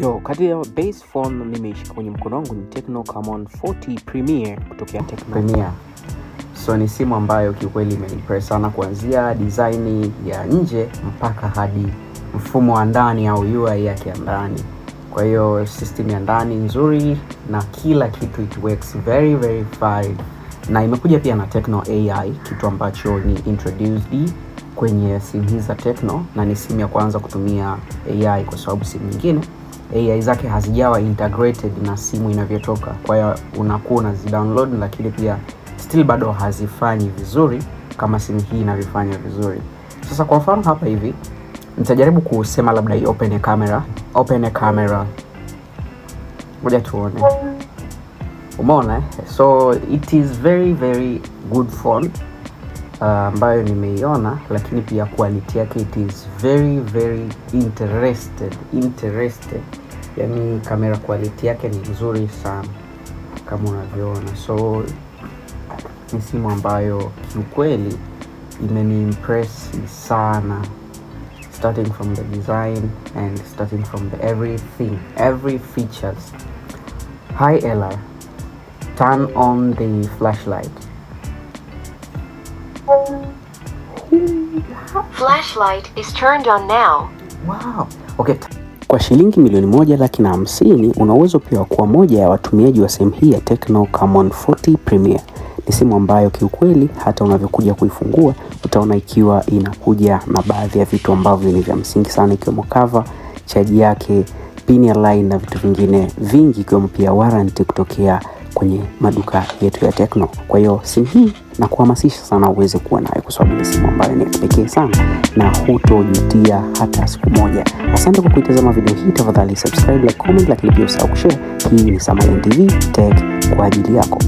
Yo, kati ya base phone nimeishika kwenye mkono wangu ni Tecno Camon 40 Premier kutokea Tecno Premier. So ni simu ambayo kiukweli imenipress sana kuanzia design ya nje mpaka hadi mfumo wa ndani au UI yake ya ndani. Kwa hiyo system ya ndani nzuri na kila kitu it works very very fine. Na imekuja pia na Tecno AI kitu ambacho ni introduced kwenye simu hizi za Tecno na ni simu ya kwanza kutumia AI kwa sababu simu nyingine AI zake hazijawa integrated na simu inavyotoka. Kwa hiyo unakuwa unazidownload, lakini pia still bado hazifanyi vizuri kama simu hii inavyofanya vizuri. Sasa kwa mfano hapa hivi nitajaribu kusema labda hii open a camera, open a camera, ngoja tuone. Umeona, eh? so it is very very good phone uh, ambayo uh, nimeiona, lakini pia quality yake it is very very interested interested yani kamera quality yake ni nzuri sana kama unavyoona. So ni simu ambayo kiukweli imeniimpress sana starting from the design and starting from the everything every features. Hi Ella, turn on the flashlight. Flashlight is turned on now. Wow. Okay. Kwa shilingi milioni moja laki na hamsini una uwezo pia wa kuwa moja ya watumiaji wa simu hii ya Tecno Camon 40 Premier. Ni simu ambayo kiukweli hata unavyokuja kuifungua utaona ikiwa inakuja na baadhi ya vitu ambavyo ni vya msingi sana, ikiwemo cover, chaji yake, pin ya line na vitu vingine vingi, ikiwemo pia warranty kutokea kwenye maduka yetu ya Tecno. Kwa hiyo simu hii na kuhamasisha sana uweze kuwa nayo kwa sababu ni simu ambayo ni pekee sana na hutojutia hata siku moja. Asante kwa kuitazama video hii, tafadhali subscribe, like, comment, lakini pia usahau kushare. Hii ni Samalen TV Tech kwa ajili yako.